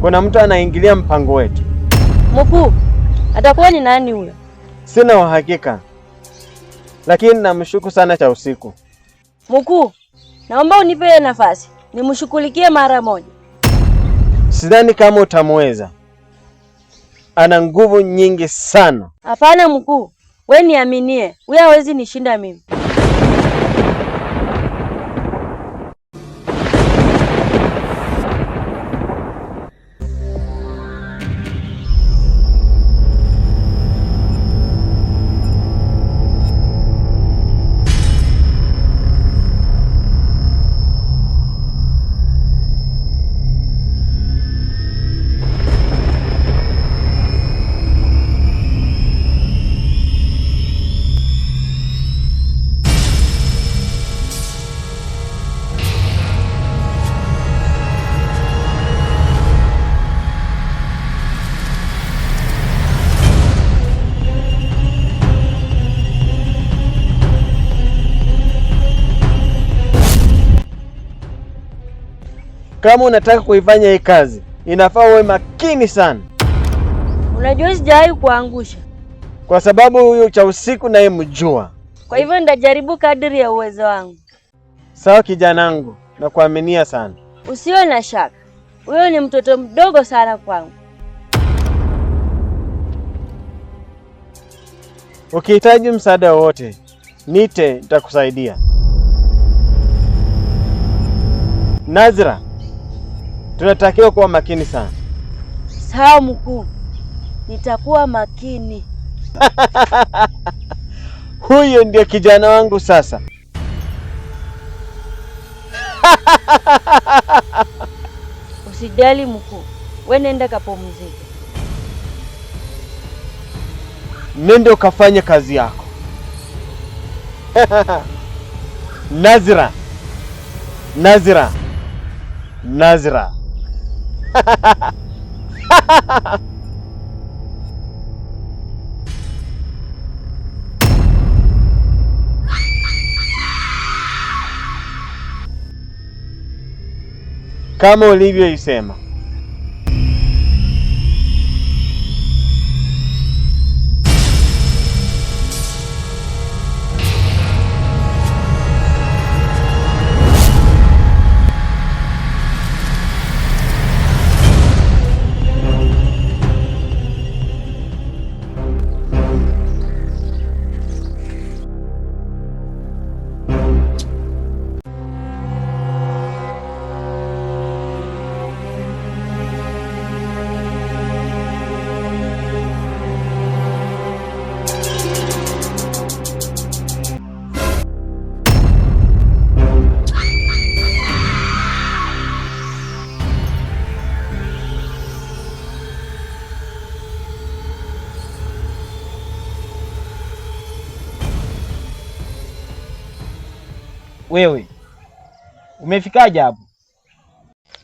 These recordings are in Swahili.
kuna mtu anaingilia mpango wetu. Mkuu, atakuwa ni nani huyo? Sina uhakika, lakini namshuku sana cha usiku. Mkuu, naomba unipe nafasi nimshughulikie mara moja. Sidhani kama utamweza, ana nguvu nyingi sana. Hapana mkuu, we niaminie, huyo hawezi nishinda mimi. Kama unataka kuifanya hii kazi, inafaa uwe makini sana. Unajua sijawahi kuangusha kwa sababu huyu cha usiku naye mjua. Kwa hivyo nitajaribu kadri ya uwezo wangu. Sawa kijanangu, nakuaminia sana, usiwe na shaka. Huyo ni mtoto mdogo sana kwangu. Ukihitaji msaada wowote, nite nitakusaidia. Nazra tunatakiwa kuwa makini sana. Sawa mkuu, nitakuwa makini. Huyo ndio kijana wangu sasa. Usijali mkuu, we nenda kapumzike. nende ukafanye kazi yako. Nazira, Nazira, Nazira. e Sema. Wewe umefikaje hapo?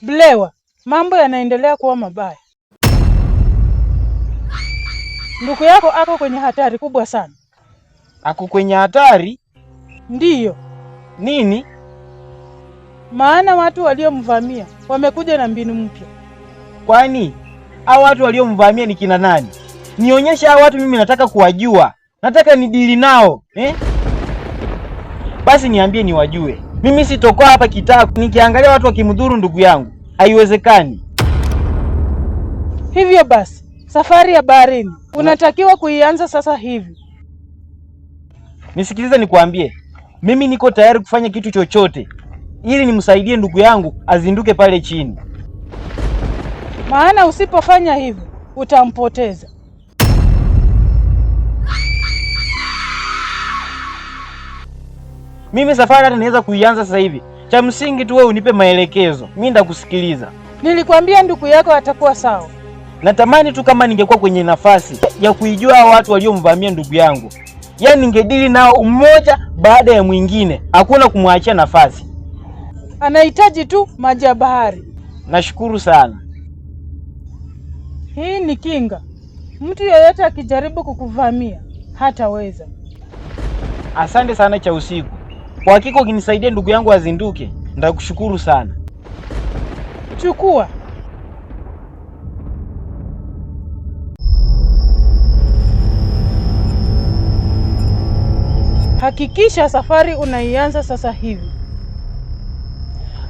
Blewa, mambo yanaendelea kuwa mabaya. Ndugu yako ako kwenye hatari kubwa sana. Ako kwenye hatari? Ndiyo. Nini? Maana watu waliomvamia wamekuja na mbinu mpya. Kwani hao watu waliomvamia ni kina nani? Nionyeshe hao watu, mimi nataka kuwajua, nataka nidili nao eh? basi niambie niwajue. Mimi sitokoa hapa kitaa nikiangalia watu wakimdhuru ndugu yangu, haiwezekani. Hivyo basi safari ya baharini unatakiwa kuianza sasa hivi. Nisikilize nikuambie, mimi niko tayari kufanya kitu chochote ili nimsaidie ndugu yangu azinduke pale chini, maana usipofanya hivyo utampoteza. Mimi safari hata niweza kuianza sasa hivi. Cha msingi tu wewe unipe maelekezo, mimi ndakusikiliza. Nilikwambia ndugu yako atakuwa sawa. Natamani tu kama ningekuwa kwenye nafasi ya kuijua watu waliomvamia ndugu yangu, yaani ningedili nao mmoja baada ya mwingine, hakuna kumwachia nafasi. Anahitaji tu maji ya bahari. Nashukuru sana. Hii ni kinga, mtu yeyote akijaribu kukuvamia hataweza. Asante sana cha usiku. Kwa hakika ukinisaidia ndugu yangu azinduke, nitakushukuru sana. Chukua. Hakikisha safari unaianza sasa hivi.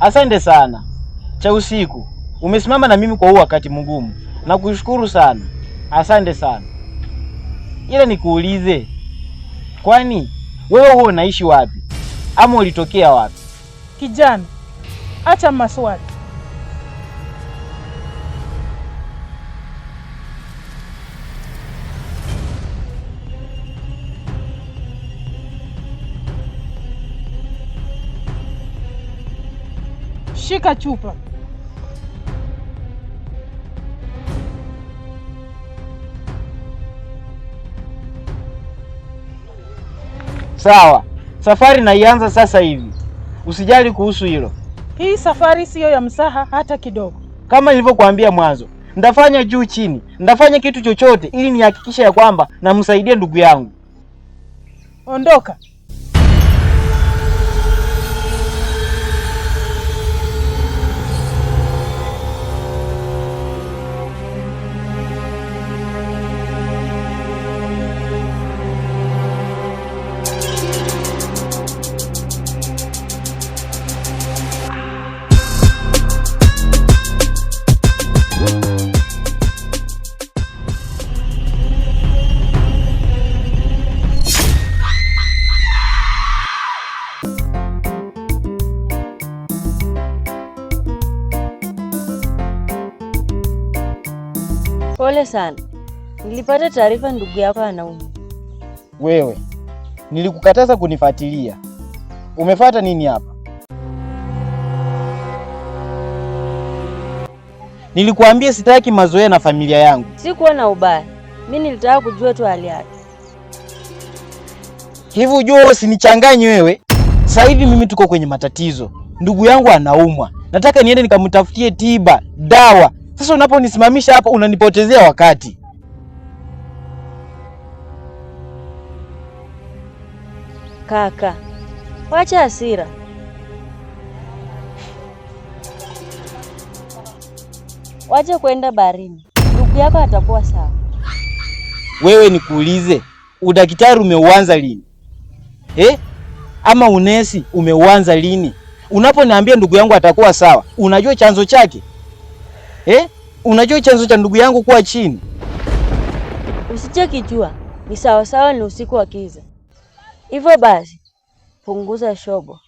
Asante sana cha usiku, umesimama na mimi kwa huu wakati mgumu, nakushukuru sana, asante sana. Ila nikuulize, kwani wewe huo unaishi wapi? ama ulitokea wapi? Kijana, acha maswali. Shika chupa. Sawa. Safari naianza sasa hivi, usijali kuhusu hilo. Hii safari siyo ya msaha hata kidogo. Kama nilivyokuambia mwanzo, ndafanya juu chini, ndafanya kitu chochote ili nihakikishe ya kwamba namsaidia ndugu yangu. Ondoka. Pole sana, nilipata taarifa ndugu yako anaumwa. Wewe nilikukataza kunifuatilia, umefuata nini hapa? Nilikuambia sitaki mazoea na familia yangu. Sikuwa na ubaya, mi nilitaka kujua tu hali yake. Hivi ujua, usinichanganye wewe. Sasa hivi mimi tuko kwenye matatizo, ndugu yangu anaumwa, nataka niende nikamtafutie tiba, dawa sasa unaponisimamisha hapa unanipotezea wakati. Kaka, wacha hasira. Wacha kwenda barini, ndugu yako atakuwa sawa. Wewe nikuulize, udaktari umeuanza lini eh? Ama unesi umeuanza lini? Unaponiambia ndugu yangu atakuwa sawa, unajua chanzo chake? eh? Unajua chanzo cha ndugu yangu kuwa chini. Usicheki ni sawasawa, ni usiku wa kiza. Hivyo basi punguza shobo.